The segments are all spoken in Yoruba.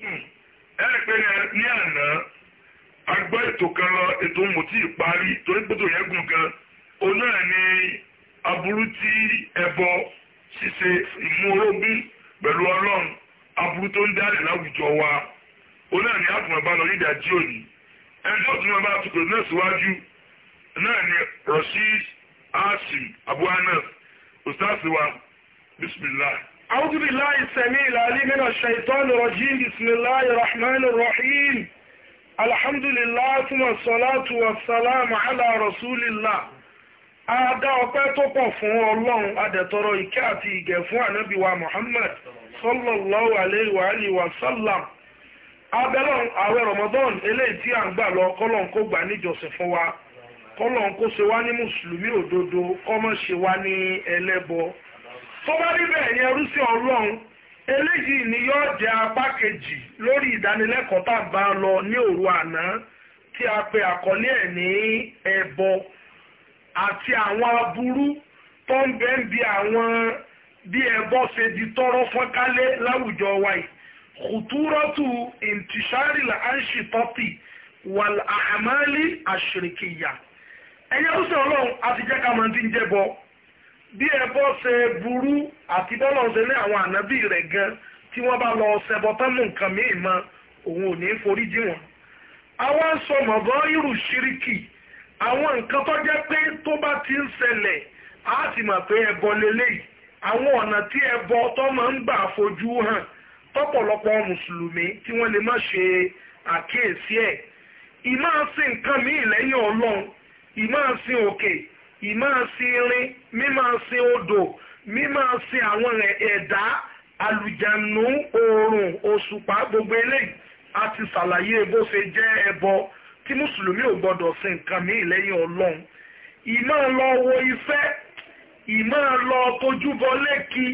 Hmm. ẹ̀rẹ̀ pé ní àná a gbọ́ ètò kan lọ ètò mò tí ì parí torí pé tó yẹ gùn gan òun náà ni aburú tí ẹbọ ṣíṣe ìmú orógún pẹ̀lú ọlọ́run aburú tó ń dálẹ̀ láwùjọ wa òun náà ni àtùmọ̀bá lọ nídàájí òní ẹni tó tún bá tukọ̀ náà síwájú náà ni Rasheed Asim Abu Anas ustaz bismillah. أعوذ بالله السميع العليم من الشيطان الرجيم بسم الله الرحمن الرحيم الحمد لله ثم الصلاة والسلام على رسول الله Adá ọpẹ́ tó pọ̀ fún Ọlọ́run adẹ̀tọrọ ìkẹ́ àti ìgẹ̀ fún ànábì wa Muhammad sallallahu alayhi wa alihi wa sallam. Abẹ́lọ́run àwẹ̀ Ramadan eléyìí tí à ń gbà lọ kọ́lọ́n kó gbà níjọsìn fún wa. Kọ́lọ́n kó ṣe wá ní Mùsùlùmí òdodo kọ́mọ́ ṣe wá ní ẹlẹ́bọ tó bá rí bẹ́ẹ̀ ni ẹrú sí ọlọ́run eléyìí ni yóò jẹ́ apá kejì lórí ìdánilẹ́kọ̀ọ́ tá à ń bá lọ ní òru àná tí a pe àkọlé ẹ̀ ní ẹbọ àti àwọn aburú tó ń bẹ ń bi àwọn bí ẹbọ ṣe di tọrọ fọ́nkálé láwùjọ wa yìí kùtùrọ́tù ìntìṣárì làánṣì tọ́tì wàl àmàlí àṣìríkìyà ẹ̀yẹ́ ó sì ọlọ́run àti jẹ́ ká máa ti ń jẹ́ bọ́. bí ẹbọ ṣe burú àti bọ́lọ̀ ṣe ní àwọn ànábì rẹ̀ gan tí wọ́n bá lọ ṣẹbọ tán mú nǹkan míì mọ òun ò ní forí jì wọ́n. àwọn sọ mọ̀gọ́ irú ṣíríkì àwọn nǹkan tó jẹ́ pé tó bá ti ń ṣẹlẹ̀ á ti mọ̀ pé ẹbọ lélẹ́yìí àwọn ọ̀nà tí ẹbọ tó máa ń gbà fojú hàn tọ́pọ̀lọpọ̀ mùsùlùmí tí wọ́n lè má ṣe àkíyèsí ẹ̀ nǹkan ìmáa sin irin mímáa sin odò mímáa sin àwọn ẹ̀dá àlùjànnú oòrùn òṣùpá gbogbo eléyìí a ti ṣàlàyé bó ṣe jẹ́ ẹbọ tí mùsùlùmí ò gbọdọ̀ sin nǹkan míì lẹ́yìn ọlọ́run ìmáa lọ wo ifẹ́ ìmáa lọ tójúbọ lẹ́kì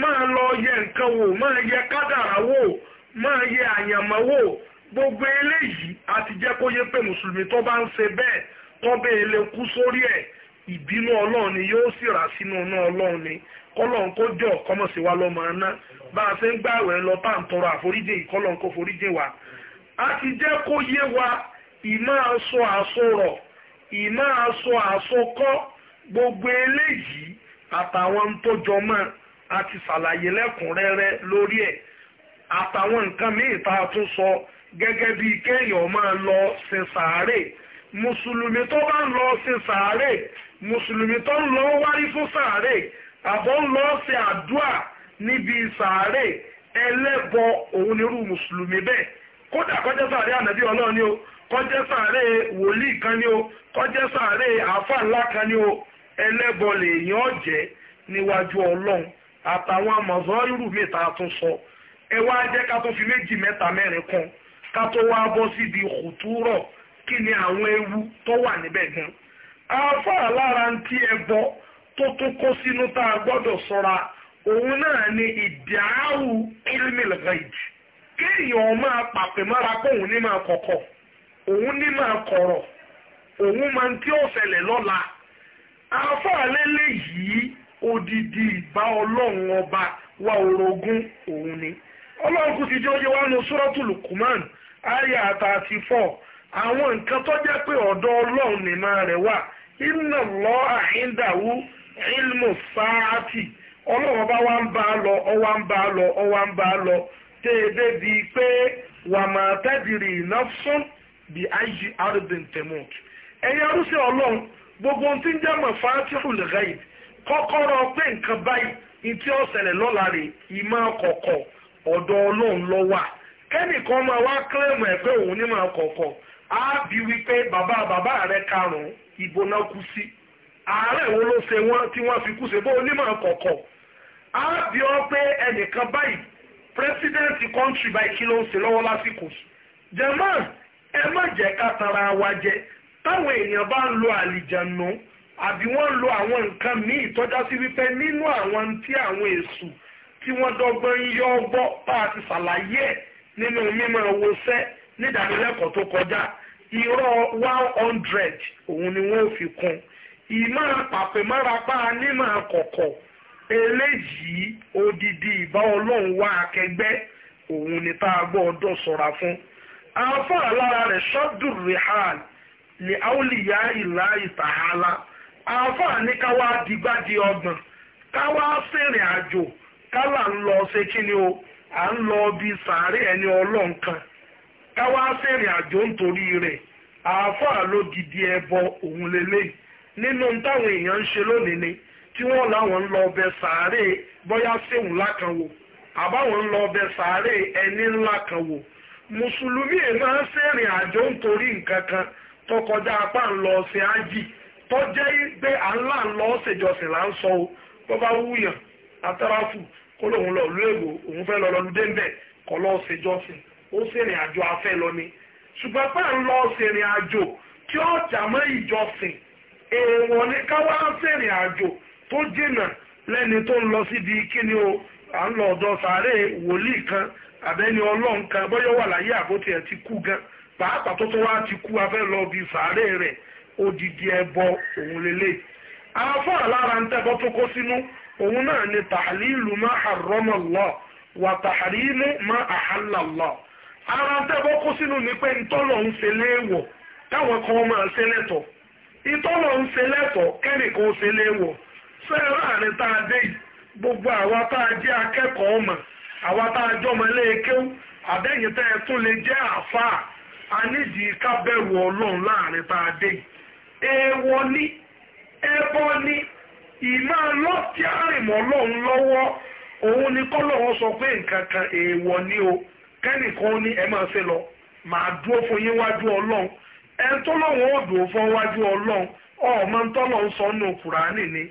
máa lọ yẹ nǹkan wò máa yẹ kádàrá wò máa yẹ àyànmọ́ wò gbogbo eléyìí a ti jẹ́ kó yé pé mùsùlùmí tó bá ń ṣe bẹ́ẹ̀ tó bẹ́ẹ̀ lè kú sórí ẹ̀ ìbínú ọlọ́run ni yóò sì rà sínú iná ọlọ́run ni jọ kọ́mọ̀sí wa lọ́mọ aná bá a ṣe ń gbààwẹ̀ lọ tá à ń tọrọ àforíjì wa. a ti jẹ́ kó yé wa ìmọ̀ aṣọ àṣọrọ̀ ìmọ̀ aṣọ àṣọkọ́ gbogbo eléyìí àtàwọn tó jọ mọ́ a ti ṣàlàyé lẹ́kùnrẹ́rẹ́ lórí ẹ̀ àtàwọn nǹkan a sọ gẹ́gẹ́ mùsùlùmí tó bá ń lọ ṣe sàárè mùsùlùmí tó ń lọ wárí fún sàárè àbọ̀ ń lọ ṣe àdúà níbi sàárè ẹlẹ́bọ òun nírú mùsùlùmí bẹ́ẹ̀ kódà kọjá sàárè ànàbí ọlọ́ọ̀ni o kọjá sàárè wòlíì kan ni o kọjá sàárè àáfà ńlá kan ni o ẹlẹ́bọ lèèyàn jẹ́ níwájú ọlọ́run àtàwọn àmọ̀sán irú mi ta tún sọ ẹ wá jẹ́ ká tó fi méjì mẹ́ta mẹ́rin kan ká tó wá bọ́ síbi kùtúrọ̀ kí ni ewu tó wà níbẹ̀ gan alara lára ń tí ẹbọ tó tún kó sínú tá a gbọ́dọ̀ òun náà ni ìdáhù ilmilgaid kéèyàn máa pàpè mọ́ra pé òun ní máa kọ̀kọ̀ òun ní máa kọ̀rọ̀ òun máa ń tí ó ṣẹlẹ̀ lọ́la lélẹ̀ odidi ìbá ọlọ́run ọba wa orogún òun ni ọlọ́run ti jẹ́ oyé wa nu suratul Luqman àwọn nǹkan tó jẹ́ pé ọ̀dọ̀ ọlọ́run ní máa rẹ̀ wà iná lọ àhíndàwú ilmu sáàtì ọlọ́run bá wá ń bá lọ ọwá ń bá lọ ọwá ń bá lọ di pé wà máa bí ayé arúgbìn tẹ̀mọ́t ọlọ́run gbogbo ohun tí ń jẹ́ mọ̀ kọ́kọ́rọ́ pé nǹkan báyìí tí ó ṣẹlẹ̀ lọ́la rè ìmọ̀ ọ̀dọ̀ ọlọ́run A bi wípé bàbá bàbá rẹ̀ karùn-ún ibo náà kú sí àárẹ̀ wo ló ṣe wọ́n tí wọ́n fi kú ṣe bó onímọ̀ kọ̀ọ̀kọ̀ á bi ọ́ pé ẹnìkan báyìí pírẹsidẹ́ǹtì kọ́ńtì báyìí kí ṣe lọ́wọ́ lásìkò jẹ̀mọ́ ẹ má jẹ́ ká tara wa jẹ táwọn èèyàn bá ń lo àlìjànú àbí wọ́n ń lo àwọn nǹkan míì tọ́já sí wípé nínú àwọn tí àwọn èṣù tí wọ́n dọ́gbọ́n ń yọ ọgbọ́ bá a ti ṣàlàyé ẹ̀ nínú mímọ́ owó sẹ́ nídàálẹ́kọ̀ọ́ tó kọjá irọ́ one hundred òun ni wọ́n fi kún ìmọ̀ àpàpẹ̀mọ́ra bá a nímọ̀ àkọ́kọ́ eléyìí odidi ìbá ọlọ́run wá akẹgbẹ́ òun ni tá a gbọ́ ọdún sọ̀ra fún àáfàá lára rẹ̀ ṣọ́dù rihal ni aoliya ìlà ìtàhálà àáfàá ní káwá dìgbàdì ọgbọ̀n káwá sìnrìn àjò kálà ń lọ ṣe kí ni o à ń lọ bí sàárè ẹni ọlọ́run kan káwá sẹ́rìn àjò nítorí rẹ àáfàá ló gidi ẹbọ òun lélẹ̀ nínú táwọn èèyàn ń ṣe lónìí ni tí wọ́n làwọn ń lọ ọbẹ̀ sàárè bóyá séun lákan wò àbáwọn ń lọ ọbẹ̀ sàárè ẹni ńlá kan wò mùsùlùmí máa ń sẹ́rìn àjò nítorí nǹkan kan tó kọjá apá ńlọ ọsẹ ájì tó jẹ́ pé à ń là ń lọ ọ̀sẹ̀jọsìn là ń sọ o bó bá wúyàn àtàràfù kó lóun lọ lóògbò òun fẹ́ lọ lọ lùdé ńbẹ̀ kọ́ lọ́ọ̀sẹ̀jọsìn o ṣèrìn ajo afẹ́ lọ ni ṣùgbọ́n pé ń lọ ṣèrìn àjò tí ó jà ìjọsìn èèwọ̀ ni to wá ṣèrìn àjò tó jìnà lẹ́ni tó ń o à ń lọ ọ̀dọ̀ sàárè wòlíì kan àbẹ́ni ọlọ́run kan bọ́yọ́ wà láyé àbótí ti kú gan pàápàá tó tó wá ti kú afẹ́ lọ bí sàárè rẹ̀ odidi ẹbọ òun lélẹ̀ ń tẹ́bọ́ tó kó sínú òun náà ni wà ara ń tẹ́bọ́ kó sínú ni pé ntọ́lọ̀ ń ṣe léèwọ̀ táwọn kan máa ṣe lẹ́tọ̀ ìtọ́lọ̀ ń ṣe lẹ́tọ̀ kẹ́nìkan ṣe léèwọ̀ gbogbo àwa tá a jẹ́ akẹ́kọ̀ọ́ mọ̀ àwa tá a jọmọ léèkéwú àbẹ́yìn ẹ tún lè jẹ́ a nídìí ọlọ́run ni ẹbọ ni ìmọ̀ lọ́tí ọlọ́run lọ́wọ́ ni kọ́lọ́wọ́ sọ pé nǹkan kan ni o. kẹ́nìkan ó ní ẹ máa ṣe lọ màá dúró fún yín wájú ọlọ́run ẹ tó lọ́wọ́ ó dùn fún wájú ọlọ́run ọmọ ń tọ́lọ̀ ń sọ nù kùránì ni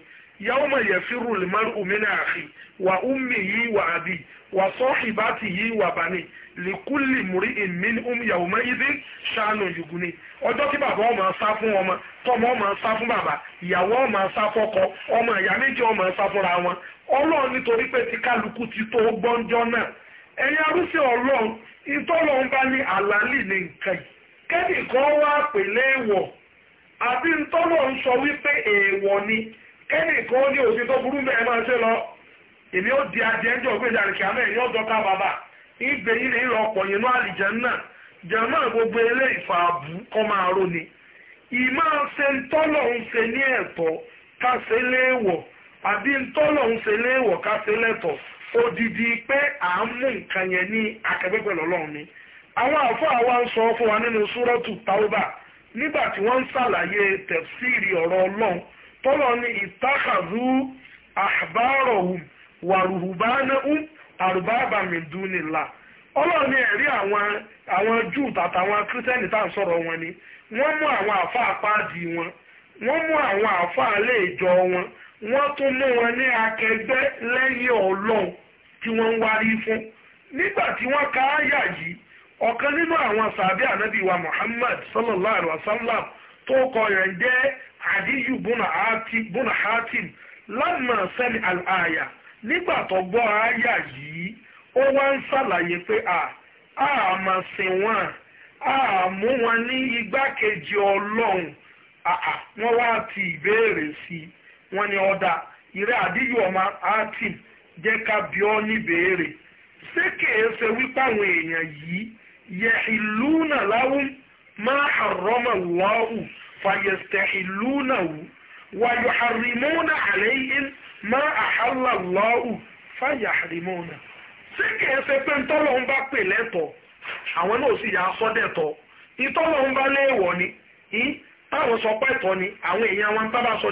yawma yafiru limaru min akhi wa ummihi wa abi wa sahibatihi wa bani likulli mri'in minhum yawma idhin sha'nun yughni ọjọ́ tí bàbá ọmọ sá fún ọmọ tọmọ ọmọ sá fún bàbá ìyàwó ọmọ sá fọ́kọ ọmọ ìyá méjì ọmọ sá fúnra wọn ọlọ́run nítorí pé tí kálukú ti tó gbọ́njọ́ náà enyi arusi ọlọ́run ìtọ́lọ́run bá ní àlàálì ní nǹkan kẹ́bì kan wá pèlè èèwọ̀ àbí ìtọ́lọ́run sọ wípé èèwọ̀ ni kẹ́bì kan ní òsì tó burú bẹ́ẹ̀ máa ṣe lọ èmi ó di adìẹ ń jọ gbèjà àrìkà náà èmi ó dọ́ka bàbà ìgbè yìí lè ọ̀pọ̀ yìí ní gbogbo ilé ifa kọ́ máa ni ìmọ̀ ṣe ṣe ní ẹ̀tọ́ ká ṣe léèwọ̀ àbí ṣe léèwọ̀ odidi pé à ń mú nǹkan yẹn ní akẹgbẹ́ pẹ̀lú ni àwọn àfáà wa ń sọ fún wa nínú súrọ́tù tàwọ́bà nígbà tí wọ́n ń ṣàlàyé tẹ̀fsíìrì ọ̀rọ̀ ọlọ́run tọ́lọ́ ní ìtàkàzú àbárọ̀hùn wàrùhùbánáhùn àrùbáàbà mìdúnilà ọlọ́run ní ẹ̀rí àwọn àwọn júù tàtàwọn kírísítẹ́nì tá à ń sọ̀rọ̀ wọn ni wọ́n mú àwọn àáfàá páàdì wọn wọ́n mú àwọn àáfàá ilé wọn wọ́n tún mú wọn ní akẹgbẹ́ lẹ́yìn ọlọ́run tí wọ́n ń wárí fún nígbà tí wọ́n ka áyà yìí ọ̀kan nínú àwọn sàbí ànábì wa Muhammad sallallahu alaihi wa sallam tó kọ rẹ̀ jẹ́ àdíyù bùnà hatim lámà sẹ́ni àyà nígbà tó gbọ́ áyà yìí ó wá ń ṣàlàyé pé à á máa sìn wọn á mú wọn ní igbákejì ọlọ́run àà wọ́n wá ti ìbéèrè sí wọ́n ọ̀dà ìrẹ́ àdíyù ọmọ jẹ́ ká níbèrè ṣé kìí wípé àwọn èèyàn yìí yẹ ìlú náà láwùm máa harrama Allahu fàyẹ̀sẹ̀ ìlú náà wù wàyọ̀ àrìmọ́nà àlẹ́yìn máa àhálà Allahu fàyẹ̀ àrìmọ́nà ṣé kìí pé ntọ́lọ́ bá pè lẹ́tọ̀ọ́ àwọn náà sì yà á ni táwọn sọ pẹ́tọ̀ ni àwọn èèyàn wọn tábà sọ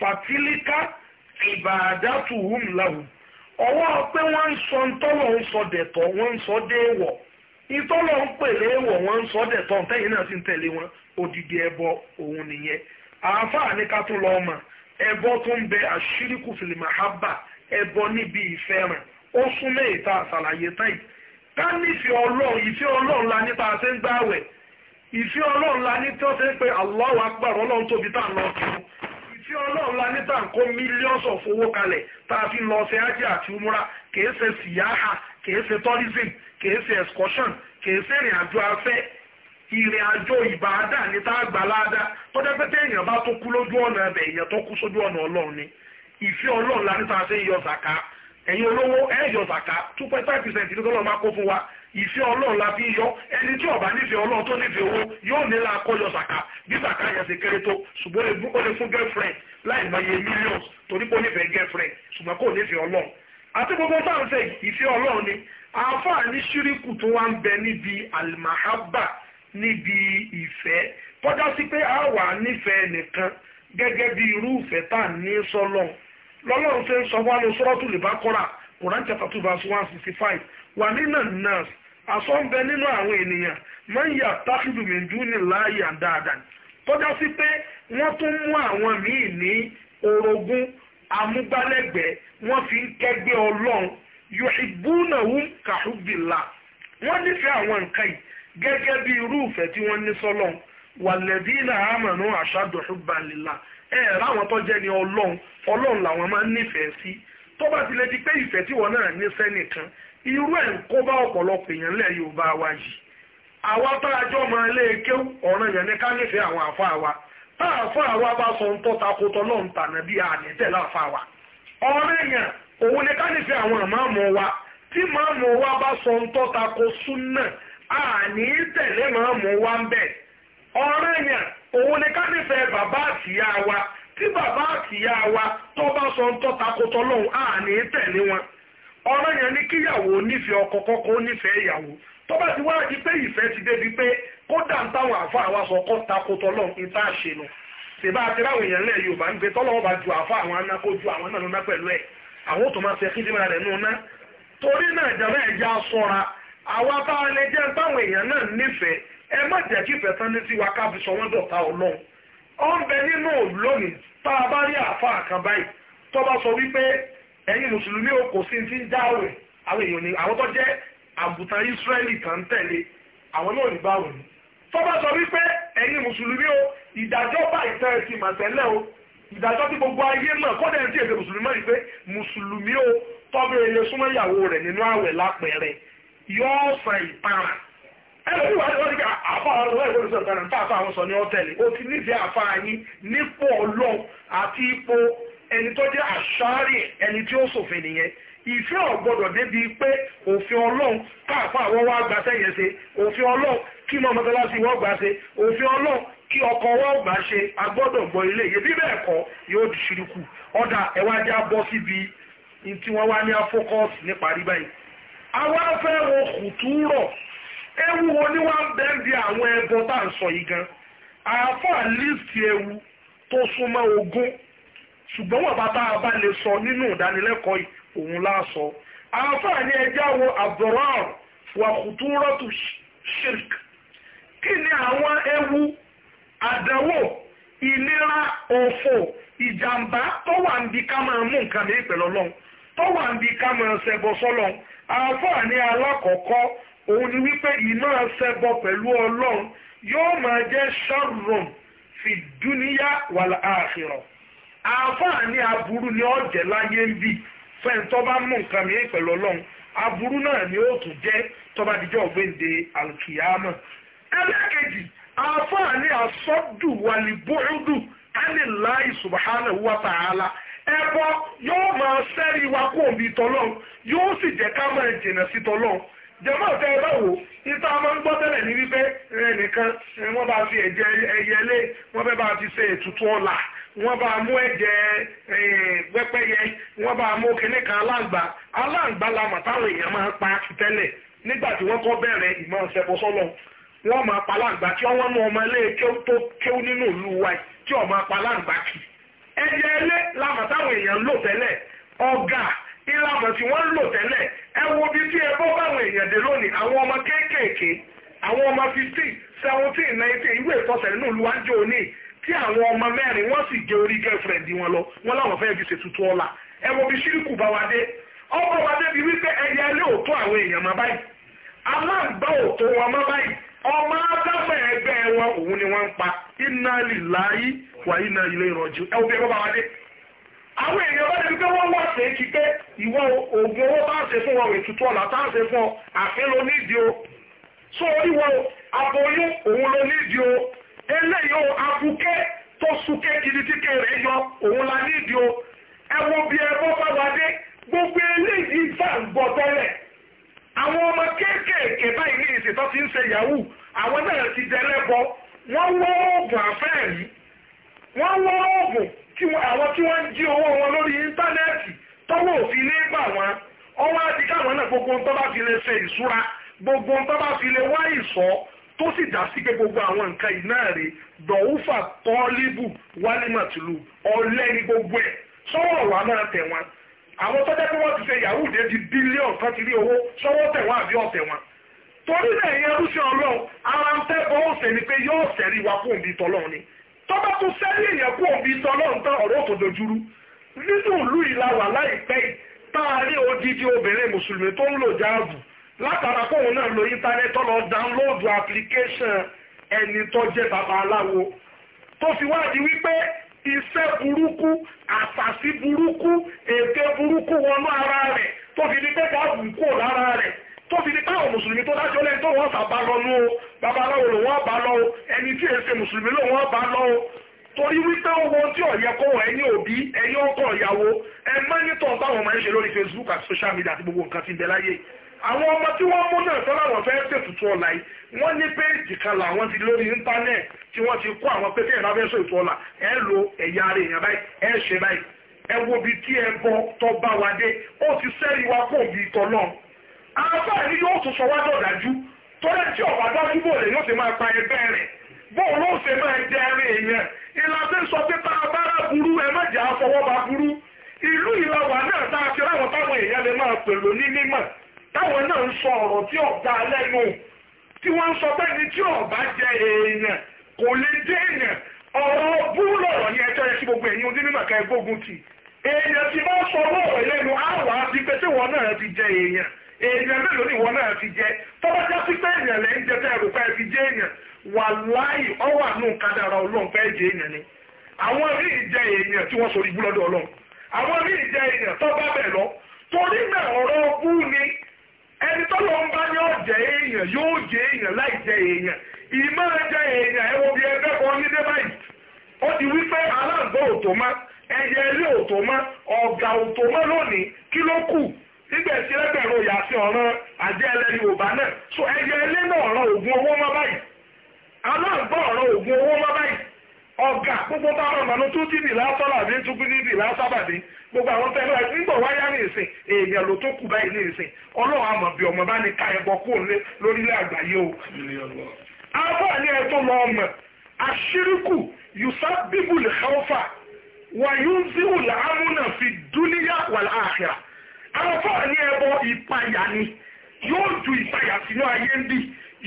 fàtílíkà ìbàdàtúhùm làwùm ọwọ́ pé wọ́n ń sọ ntọrọ ń sọ dẹ̀tọ̀ wọ́n ń sọ déèwọ̀ ntọ́lọ̀ pèlè èèwọ̀ wọ́n ń sọ dẹ̀tọ̀ ntẹ́yìn náà sì ń tẹ̀lé wọn odidi ẹbọ òun nìyẹn àáfàá ní ká tó lọ ọmọ ẹbọ tó ń bẹ àṣírìkù fìlìmàhábà ẹbọ níbi ìfẹ́ràn ó àṣàlàyé táyì ká ọlọ́run ọlọ́run la nípa ṣe ń gbáwẹ̀ òjíṣẹ́ ọlọ́run la níta ń kó millions of owó kalẹ̀ tá a fi lọ ṣe ájì àti umura kìí ṣe síyáhà kìí ṣe tourism kìí ṣe excursion kìí ṣe ìrìn àjò afẹ́ ìrìn àjò ìbàdà ní tá a gbà láàdá tó jẹ́ pé téèyàn bá tó kú lójú ọ̀nà ẹ̀bẹ̀ èèyàn tó kú sójú ọ̀nà ọlọ́run ni ìfẹ́ ọlọ́run la níta ṣe ń yọ zàká ẹ̀yin olówó ẹ̀ yọ zàká two point five percent ní kọ́lọ́ máa kó fún wa ìfẹ́ ọlọ́run la fi ń yọ ẹni tí ọba nífẹ̀ẹ́ ọlọ́run tó nífẹ̀ẹ́ owó yóò nílá akọ́yọ sàkà bí sàkà yẹn ṣe kéré tó ṣùgbọ́n ó lè fún girlfriend láì mọ iye millions torí pé ó nífẹ̀ẹ́ girlfriend ṣùgbọ́n kò nífẹ̀ẹ́ ọlọ́run àti gbogbo tá à ń fẹ́ ìfẹ́ ọlọ́run ni àǹfààní ṣíríkù tó wá ń bẹ níbi almahaba níbi ìfẹ́ tọ́já sí pé a wà nífẹ̀ẹ́ nìkan gẹ́gẹ́ bí irú ìfẹ́ tá à ní sọ́lọ́run lọ́lọ́run ṣe ń sọ wá lọ sọ́rọ́tù lè bá kọ́ra Quran sixty five wà nínà nurse àsọ̀nbẹ nínú àwọn ènìyàn máa ń yà tákìdùmí dúnì láàyè àdáadáa tọ́já sí pé wọ́n tún mú àwọn míì ní orogún amúgbálẹ́gbẹ̀ẹ́ wọ́n fi ń kẹ́gbẹ́ ọlọ́run yuhibbunahu kahubbillah wọ́n nífẹ̀ẹ́ àwọn nǹkan yìí gẹ́gẹ́ bí irú ìfẹ́ tí wọ́n ní sọ́lọ́run walladhina amanu ashaddu hubban lillah ẹ̀ ráwọn tó jẹ́ ni ọlọ́run ọlọ́run làwọn máa ń nífẹ̀ẹ́ sí tó bá ti pé ìfẹ́ tí wọ́n náà ní sẹ́nìkan irú ẹ̀ ń kó bá ọ̀pọ̀lọpọ̀ èèyàn lẹ̀ Yorùbá wa yìí àwa tá a jọ máa lé kéwù ọ̀ràn yẹn ní ká nífẹ̀ẹ́ àwọn àfa wa tá àfa wa bá sọ ń tọ́ta kó tọ́ lọ́n tànà bí ànẹ́tẹ̀ láfa wa ọ̀ràn yẹn òun ní ká nífẹ̀ẹ́ àwọn àmàmù wa tí màmù wa bá sọ ń tọ́ta kó súnà àní tẹ̀lé màmù wa ń bẹ̀ ọ̀ràn yẹn òun ní ká nífẹ̀ẹ́ bàbá àtìyá wa tí bàbá àtìyá wa tó bá sọ ń tọ́ta kó tọ́ lọ́hùn àní tẹ̀lé wọn ọ̀rọ̀ yẹn ní kíyàwó ọkọ kọ́kọ́ ìyàwó tó bá ti wá di pé ìfẹ́ ti débi pé kódà ń táwọn àáfàá wa sọ kọ́ tako tọ́lọ́ ní tá a ṣe èèyàn Yorùbá ń gbé ju àwọn aná kó ju àwọn náà pẹ̀lú ẹ̀ àwọn tó máa kí dìbò rẹ̀ torí náà ìjàmbá àwa bá a lè jẹ́ táwọn èèyàn náà nífẹ̀ẹ́ ẹ má jẹ́ kí ẹ̀yin mùsùlùmí o kò sí ti ń dáwẹ̀ àwọn èèyàn ni àwọn tó jẹ́ àgùntàn Ísírẹ́lì kan tẹ̀lé àwọn náà ní báwẹ̀ ni tó bá sọ wípé ẹ̀yin mùsùlùmí o ìdájọ́ bá ìtàn ẹ̀sìn màtẹ́lẹ̀ o ìdájọ́ tí gbogbo ayé mọ̀ kọ́dà ẹ̀ tí èdè mùsùlùmí mọ̀ wípé mùsùlùmí o tọ́bí ilé súnmọ́ ìyàwó rẹ̀ nínú àwẹ̀ lápẹẹrẹ yóò san ìpara ẹlòmí wà lọ́wọ́ nípa àfa ọlọ́wọ́ ìwé ìṣòro kan náà tá àfa àwọn sọ ní ọ̀tẹ̀lẹ̀ o ti nífẹ̀ẹ́ àfa yín nípò ọlọ́ àti ipò ẹni tó jẹ́ àṣàárì ẹni tí ó ṣòfin nìyẹn ìfẹ́ ọ̀gbọ́dọ̀ débi pé òfin ọlọ́run káàpá àwọn wá gbà sẹ́yìn ṣe òfin ọlọ́run kí mọ́ mọ́tọ́lásí wọ́n gbà ṣe òfin ọlọ́run kí ọkọ̀ wọ́n gbà ṣe agbọ́dọ̀ gbọ́ ilé yẹ bí bẹ́ẹ̀ kọ́ yóò di ṣirikù ọ̀dà ẹ̀wá já bọ́ síbi tí wọ́n wá ní afọ́kọ́ọ̀sì nípa rí báyìí. àwa fẹ́ wo kùtùrọ̀ ewu wo ni wọ́n bẹ́ẹ̀ bí àwọn ẹbọ tá à ń sọ yìí gan àáfà líìsì ewu tó súnmọ́ ogún ṣùgbọ́n wọ́n bá tá a bá lè sọ nínú ìdánilẹ́kọ̀ọ́ yìí òun láàsọ. àǹfààní ẹja wo àbọ̀rọ̀ wà kùtùrọ́tù shirk kí ni àwọn ewu àdánwò ìlera òfò ìjàmbá tó wà níbi ká máa mú nǹkan mi pẹ̀lú ọlọ́run tó wà níbi ká máa ṣẹbọ sọ́lọ́run àǹfààní alákọ̀ọ́kọ́ òun ni wípé iná ṣẹbọ pẹ̀lú ọlọ́run yóò máa jẹ́ sharrun fi dúníyà àáfàá ní aburú ni ó jẹ́ láyé ń bì fẹ́ǹtọ́ bá mú nǹkan mi pẹ̀lú ọlọ́run aburú náà ni ó tún jẹ́ tọ́ba díjọ́ ògbéǹde alkiyama ẹlẹ́kejì àáfàá ní asọ́dù wàlíbóódù ánìláì subhanahu wa ta'ala ẹbọ yóò máa sẹ́rí wa kó omi tọ́lọ́n yóò sì jẹ́ ká máa jìnà sí tọ́lọ́n jẹ́mọ́ ọ̀tẹ́ ẹ bá wò níta máa ń gbọ́ tẹ́lẹ̀ ní wípé ẹnìkan wọ́n bá fi ẹ̀jẹ̀ ẹyẹlé wọ́n fẹ́ bá fi ṣe ètùtù ọ̀la wọ́n bá mú ẹ̀jẹ̀ pẹ́pẹ́yẹ wọ́n bá mú aláǹgbá aláǹgbá la mà èèyàn máa pa nígbà tí wọ́n kọ́ bẹ̀rẹ̀ ìmọ̀ wọ́n máa pa aláǹgbá kí mú ọmọ ilé tó nínú ìlú wa kí máa pa aláǹgbá kì ilé la mà èèyàn lò ìlànà tí wọ́n tí àwọn ọmọ mẹ́rin wọ́n sì gé orí girlfriend wọn lọ wọ́n láwọn fẹ́ fi ṣètùtù ọ̀la ẹ wo bí ṣíríkù bá wa dé ọkọ̀ wa débi wípé ẹyẹ ilé òótọ́ àwọn èèyàn má báyìí aláǹgbá òótọ́ wọn má báyìí ọmọ adámọ̀ ẹgbẹ́ wọn òun ni wọ́n ń pa iná lìláyí wà iná ilé ìrọ̀jú ẹ wo bí ẹgbẹ́ bá wa dé àwọn èèyàn bá débi pé wọ́n wà sí kí pé ìwọ oògùn owó bá ṣe fún wọn ètùtù ọ̀la tá ń ṣe fún ọ àfin lo nídìí o so orí wọn aboyún òun lo nídìí o ele yo abuke to suke kiriti kere yo ohunla nidi o ewo bi ebo babade gbogbo ele eleyi fa nbo tele awon omo kekeke bayi ni ise to fi n se yahoo awon naa ti delebo won wo oogun afeeri won wo oogun ti awon ti won ji owo won lori intaneeti towo ofi ni gba won ọwọ́ àti káwọn náà gbogbo ń tọ́ bá fi gbogbo ń tọ́ bá tó sì dá sí pé gbogbo àwọn nǹkan iná rè dọ̀wúfà tọ́líbù wálímọ̀tìlù ọ̀lẹ́ni gbogbo ẹ̀ sọ́wọ́ wà máa wọn àwọn tó jẹ́ wọ́n ti ṣe yahoo dé di bílíọ̀n tó ti rí owó sọ́wọ́ tẹ̀ wọn àbí ọ̀tẹ̀ wọn torí náà ìyẹn rúṣẹ́ ọlọ́run ara ń tẹ́ bọ́ ọ̀sẹ̀ ni pé yóò sẹ́rí wa kó òbí tọ́lọ́run ni tó bá tún sẹ́rí èèyàn kó òbí tọ́lọ́run tán ọ̀rọ̀ látara kóhun náà lo íńtánẹ́tì lọ dáńlóòdù application ẹni tó jẹ́ babaláwo tó fi wá di wípé iṣẹ́ burúkú àṣàṣì burúkú ète burúkú wọnú ara rẹ̀ tó fi di pé dáàbò kò lára rẹ̀ tó fi di pé àwọn mùsùlùmí tó dájọ́ lẹ́yìn tó wọ́n sábà lọ nú o babaláwo ló wọ́n bá lọ o ẹni tí èsè mùsùlùmí ló wọ́n bá lọ o torí wípé owó tí ọ̀yẹ kó ẹ̀yin òbí ẹ̀yin ọkọ ìyàwó ẹ mọ́nítọ̀ báwọn máa ń ṣe lórí Facebook àti social media àti gbogbo nǹkan tí ń bẹ láyé àwọn ọmọ tí wọ́n mú náà tọ́lá wọn fẹ́ẹ́ ṣètùtù ọ̀la yìí wọ́n ní péèjì kan làwọn ti lórí íńtánẹ́ẹ̀tì tí wọ́n ti kó àwọn pé kéèyàn bá fẹ́ ṣètùtù ọ̀la ẹ lo ẹ̀yà ara èèyàn báyìí ẹ ṣe báyìí ẹ wo bi tí ẹ bọ tọ́ bá wa dé ó ti sẹ́rí wa kó bí tọ́ náà àbáyé yóò tún sọ wá dọ̀dájú tọ́lẹ̀ tí ọ̀bá dájú bò lè yóò ti máa pa ẹgbẹ́ rẹ̀ bóun ló ṣe máa jẹ ẹrin èèyàn ìlànà sọ pé tá a bára burú ẹ má jẹ́ àfọwọ́ba burú ìlú ìlàwà náà tá a fi ráwọ̀ táwọn èèyàn lè máa pè lóní mímọ̀ táwọn náà ń sọ ọ̀rọ̀ tí ọ̀gá lẹ́nu tí wọ́n ń sọ bẹ́ẹ̀ni tí ọ̀bá jẹ èèyàn kò lè dé èèyàn ọ̀rọ̀ búlọ̀rọ̀ ni ẹjọ́ yẹ sí gbogbo ẹ̀yin onímọ̀ ká ẹgbógun tì èèyàn ti máa ń sọ lọ́rọ̀ lẹ́nu àwọn àti pé tí wọn náà ti jẹ èèyàn èèyàn mélòó ni wọn náà ti jẹ tọ́ba já sí pé èèyàn lẹ́yìn jẹ tẹ́ ẹ̀rù pa ẹ̀ fi jẹ èèyàn wà láì ọwọ́ àánú kádàrà ọlọ́run pé jẹ èèyàn ni àwọn míì jẹ èèyàn tí wọ́n sọ ibú lọ́dọ̀ ọlọ́run àwọn míì jẹ èèyàn tọ́ba bẹ̀ lọ torí náà ọ̀rọ̀ bú ni ẹni tó lọ ń bá ní ọ̀jẹ̀ èèyàn yóò jẹ èèyàn láì jẹ èèyàn ìmọ̀ ẹjẹ èèyàn ẹwọ́ bí ẹgbẹ́ kan ní dé báyìí ó ti wí pé aláǹgbọ́ òtò má ẹyẹ ilé òtò má ọ̀gà òtò má lónìí kí ló kù nígbà tí ẹgbẹ̀rún òyà sí ọ̀ràn àjẹ́ ẹlẹ́ni òbá náà so ẹyẹ ilé náà ọ̀ràn ògùn owó má báyìí aláǹgbọ́ ọ̀ràn ògùn owó má báyìí ọ̀gá gbogbo bá ọ̀nà ló tún dìbì lásọ̀là ní túbú níbì lásábàdì gbogbo àwọn tẹ́lẹ̀ nígbà wáyà ní ìsìn èèyàn ló tó kù báyìí ní ìsìn ọlọ́run àmọ̀ bí ọmọ bá ní ká ẹbọ kúrò lórílẹ̀ àgbáyé o. àbáyé ẹ tó lọ ọmọ àṣírìkù yusa bíbùlì haufa wàyúnzíwù làámúnà fi dúníyà wà láàkìrà àbáyé ẹbọ ìpayà ni yóò ju ìpayà sínú ayé ń bì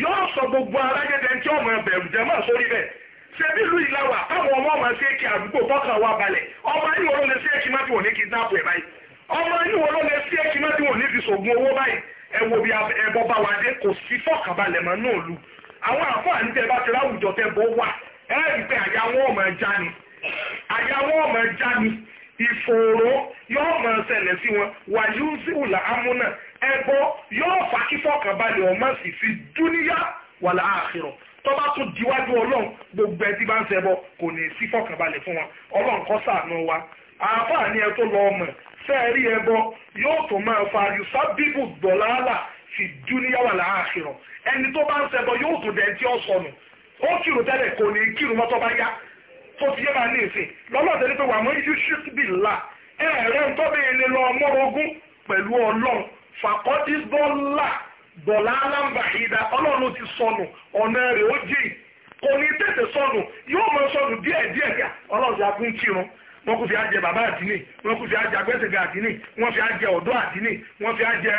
yóò sọ gbogbo aráyé ṣebí ilawa ìlàwà ọmọ ọmọ ṣéèkì àdúgbò tọ́kàn wa balẹ ọmọ inú wọn ló lè ṣéèkì má ti ní kidnap báyìí ọmọ inú wọn má ti ní fi owó báyìí bí ẹbọ bá wa dé kò sí náà àwọn láwùjọ wà pé àyà wọn ọmọ ẹja ni àyà wọn ọmọ ẹja ni ìfòòró yóò mọ sí wọn tó bá tún diwájú ọlọ́run gbogbo ẹ tí bá ń ṣẹbọ kò ní sí fọkànbalẹ̀ fún wọn ọlọ́run kó ṣàánú wa àáfàá ni ẹ tó lọ ọmọ fẹ́ẹ̀rí ẹbọ yóò tún máa fa yusa bíbù dọ̀làálà fi dúníyàwó làákìrọ̀ ẹni tó bá ń ṣẹbọ yóò tún dẹ̀ tí ó sọnù ó kírun tẹ́lẹ̀ kò ní kírun mọ́tọ́ bá yá tó ti yé máa ní ìsìn lọ́lọ́dẹ̀ ní pé wà mọ́ la. ẹ̀rẹ́ ń tọ́ bẹ́ẹ̀ lé lọ mọ́rogún pẹ̀lú ọlọ́run fàkọ́dísọ́lá bọ̀lá alámbà ìdá ọlọ́run ti sọnù ọ̀nà rẹ̀ ó jì kò ní tètè sọnù yóò mọ sọnù díẹ̀ díẹ̀ díẹ̀ ọlọ́run ti akún kírun wọ́n kò fi àjẹ bàbá àdínì wọ́n kò fi àjẹ agbẹ́sẹ̀gà àdínì wọ́n fi àjẹ ọ̀dọ́ àdínì wọ́n fi àjẹ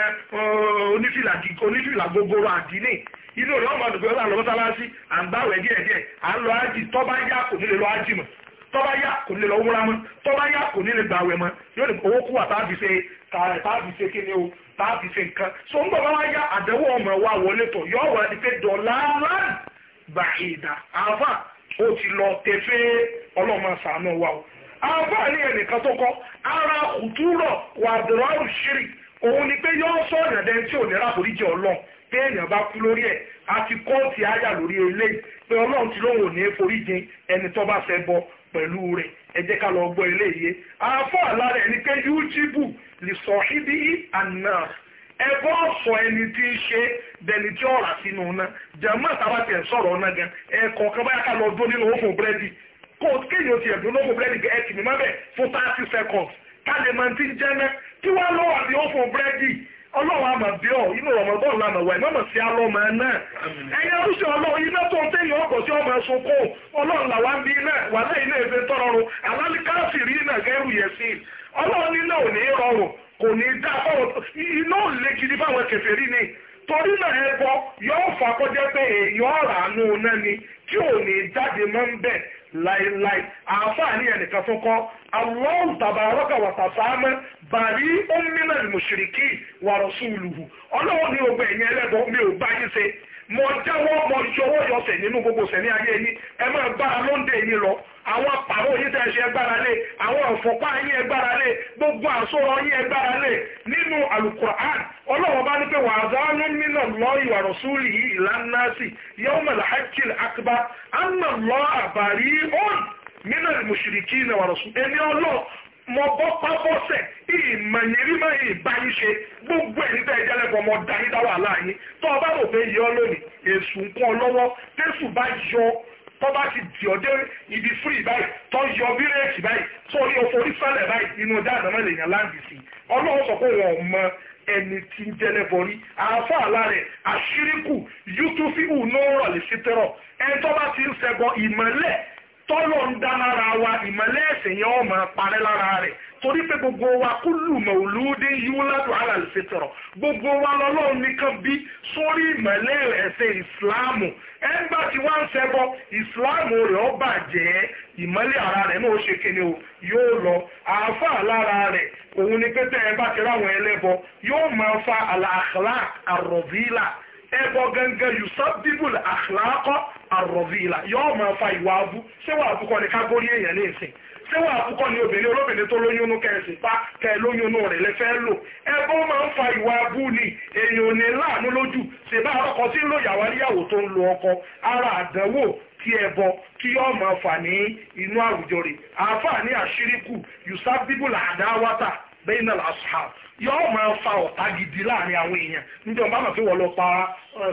onífìlà gogoro àdínì inú rẹ̀ ọmọ àdùgbò ọ̀là lọ́mọ́sálásí à ń báwẹ̀ díẹ̀ díẹ̀ à ń lọ ájì tọ́ba yá kò nílé lọ ájì mọ́ tọ́ba yá kò nílé lọ wúra mọ́ tọ́ba yá kò nílé gbàwẹ̀ mọ́ yóò ní owó kú wà tá a fi ṣe tàbí ṣe kí ni o tàbí ṣe nǹkan so ń bàbá wa yá àdẹ́wò ọmọ wa wọlé tọ̀ yọ wà ní pé dọ̀là láì bà ìdá àáfà ó ti lọ tẹfẹ́ ọlọ́mọ sàánú wa o àáfà ní ẹnìkan tó kọ́ ara kùtúrọ̀ wà dùrọ̀rù ṣírí òun ni pé yọ sọ ìrẹ̀dẹ́ tí ò ní rákòríjẹ ọlọ́run téèyàn bá kú lórí ẹ̀ àti kóòtù àyà lórí eléyìí pé ọlọ́run ti lóun ò ní foríjìn ẹni tó bá ṣẹ bọ pẹ̀lú rẹ̀ ẹ jẹ́ ká lọ gbọ́ eléyìí afọ́ àlárẹ̀ ni pé yújíbù lè sọ ibi àná ẹgbọ́ ọ̀sọ̀ ẹni tí ń ṣe dẹni tí ọ̀rà sínú náà jẹ̀mọ́ àtàwọn tiẹ̀ sọ̀rọ̀ náà gan ẹ̀kọ́ kan báyà ká lọ dún nínú òfò búrẹ́dì kó kéèyàn tiẹ̀ dún lófò búrẹ́dì ẹ̀ kì mí má bẹ̀ fún thirty seconds ká lè máa ti jẹ́ náà kí wọ́n lọ́wọ́ àbí òfò búrẹ́dì ọlọ́run àmà bí ọ inú ọmọdé lànà wà ìmọ̀mọ̀ sí alọ́mọ náà ẹ̀yẹ oríṣi ọlọ́run iná tó ń tẹ̀yìn ọkọ̀ ọmọ ẹ̀sùn kó ọlọ́run làwa ń bí iná wà láì iná èfé tọrọrùn alálìkáàsì rí iná gẹ́rù yẹ̀ sí ọlọ́run iná ò ní rọrùn kò ní dá iná ò lè gidi fáwọn ni torí náà ni láíláí àǹfààní ẹnìkan tó kọ́ Allahu tàbárọ́kà wàtàfàámẹ́ bàrí ó ń mílẹ̀ mùṣìríkì wa rasuluhu ọlọ́wọ́ ní ogun ẹ̀yìn ẹlẹ́bọ mi ò bá yín ṣe mo jẹ́wọ́ mo yọwọ́ yọsẹ̀ nínú gbogbo sẹ̀mí ayé yín ẹ máa gbára lóńdè yín lọ àwọn pàrọ̀ yín tẹ́ ṣe ẹgbára lé àwọn ọ̀fọ̀pá yín ẹgbára lé gbogbo àsọ̀rọ̀ yín ẹgbára lé nínú alukur'an ọlọ́wọ́ bá ní pé wà ìwà rọ̀súlì yìí ìlànà sí àbárí wà mo bọ́ pápọ́sẹ̀ ìmọ̀nyírímọ̀ ìbáyí ṣe gbogbo ẹ̀yìn tẹ́ ìjẹ́lẹ̀bọ̀ mọ̀ dánídá wà láàyín tó ọba rò pé yọ lónìí èṣù ń pọ́n lọ́wọ́ tẹ́sù bá yọ tó bá ti dì ọ́ dé ibi fúrì báyìí tó yọ bírèkì báyìí tó rí oforí sálẹ̀ báyìí inú dáadáa lèèyàn láǹdì sí ọlọ́run sọ pé wọn ò mọ ẹni tí ń jẹlẹbọ rí àáfàá alárẹ àṣírí kù yútúfíù náà rọlẹ sí tẹrọ ẹni tó bá ti ń ṣẹbọ ìmọ́lẹ̀ tọ́lọ̀ ń dá lára wa ìmọ̀lẹ́ ẹ̀sìn yẹn wọ́n parẹ́ lára rẹ̀ torí pé gbogbo wa kullu mawludin yuladu ala al-fitra gbogbo wa lọ́lọ́run nìkan bí sórí ìmọ̀lẹ́ ẹ̀sìn ìsìláàmù ẹgbà tí wọ́n ń ṣẹbọ ìsìláàmù rẹ̀ ó bàjẹ́ ìmọ̀lẹ́ ara rẹ̀ náà ó ṣe kíni o yóò lọ àáfàá lára rẹ̀ òun ni pé tẹ́ ẹ bá ti ẹlẹ́bọ yóò máa fa al-akhlaq ar ẹbọ gangan yusabbibul akhlaqa arrazila yóò máa fa ìwà abú ṣé wà àbúkọ́ ni kágórí èèyàn ní ìsìn ṣé wà àbúkọ́ ni obìnrin olóbìnrin tó lóyún inú kẹsì pa kẹ lóyún inú rẹ̀ lẹ́fẹ́ lò ẹbọ máa ń fa ìwà abú ni èèyàn ò ní láàánú lójú ṣèbá ọkọ tí ń lò yàwá níyàwó tó ń lo ọkọ ara àdánwò tí ẹbọ tí yóò máa fà ní inú àwùjọ rẹ̀ àáfàá ní àṣírí kù yusabbibul adawata bainal ashab yóò máa fa ọ̀tá gidi láàrin àwọn èèyàn níjọ́ bá mọ̀ pé wọ́n lọ pa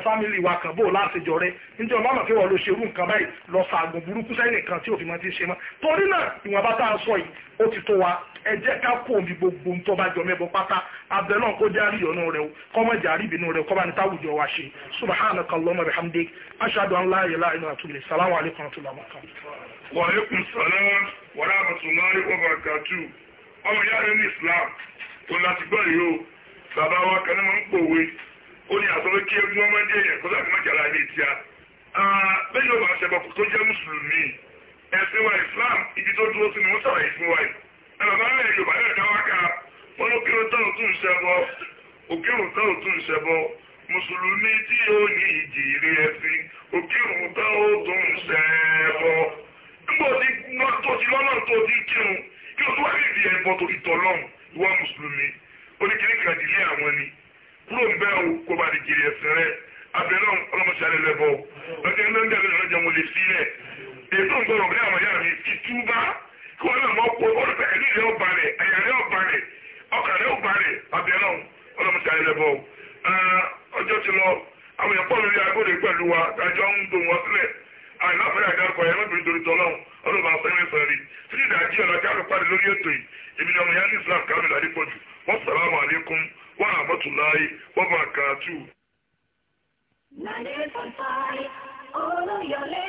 fámìlì wa kan bó láṣejọ rẹ níjọ́ bá mọ̀ pé wọ́n lọ ṣerú nǹkan báyìí lọ sàgùn burúkú sẹ́yìn kan tí òfin máa ti ṣe mọ́ torí náà ìwọ̀nba tá a sọ yìí ó ti tó wa ẹ jẹ́ ká kó omi gbogbo ń tọ́ba jọ mẹ́bọ pátá abẹ náà kó járí ìyọnu rẹ o kọ́mọ̀jà àríbìnú rẹ kọ́ba ní táwùjọ wa ṣe subhanakallahumma bihamdik ashhadu an la wa rahmatullahi wa barakatuh. wa alaykum salaam wa rahmatullahi ọmọ yára ní islam tó láti gbọ́ yìí o bàbá wa kan náà ń pòwe ó ní àsọ̀rọ̀ kí egun ọmọ jẹ́ èèyàn kó láti má jàrá ilé ìtìá bẹ́ẹ̀ yóò bá ṣẹbọ tó jẹ́ mùsùlùmí ẹ̀sìn wa Islam ibi tó dúró sí ni wọ́n sàrà ìsìn wa yìí ẹ̀bàbá rẹ̀ Yorùbá rẹ̀ dáwákà wọn ló kírun tán òtún ṣẹbọ òkírun tán òtún ṣẹbọ mùsùlùmí tí ó ní ìjì ìrè ẹ̀sìn òkírun tán òtún ṣẹbọ nígbà tó ti lọ́nà tó ti kírun kí o tó wá lè di ẹ̀bọ torí tọ́lọ́run wọ́n mùsùlùmí oníkìní kan àwọn ni kúrò ń bẹ́ o kó bá di jèrè ẹ̀sìn rẹ abẹ́rẹ́ ọlọ́mọṣẹ́lẹ̀ lẹ́bọ̀ ọjọ́ iná ń dẹ̀rẹ́ lọ́jọ́ mo lè sílẹ̀ ètò ìgbọ̀rọ̀ bí àwọn yàrá mi ìtúbá kí wọ́n náà mọ̀ pé olùfẹ́ ẹ̀mí rẹ̀ ọba rẹ̀ ẹ̀yà rẹ̀ ọba rẹ̀ ọkàn rẹ̀ rẹ̀ ọjọ́ ti lọ àwọn pọ̀ lórí agbóde pẹ̀lú wa ń sílẹ̀ ọlọ́ba fẹ́rẹ́ fẹ́rẹ́ tí ìdájí ọ̀la ká ló parí lórí ètò yìí èmi ni ọmọ ìyá ní Islam Kamil Adépọ̀jù wassalamu alaikum wa rahmatullahi wa barakatuh. Nàdé fọ́fáì, olóyọ̀lé.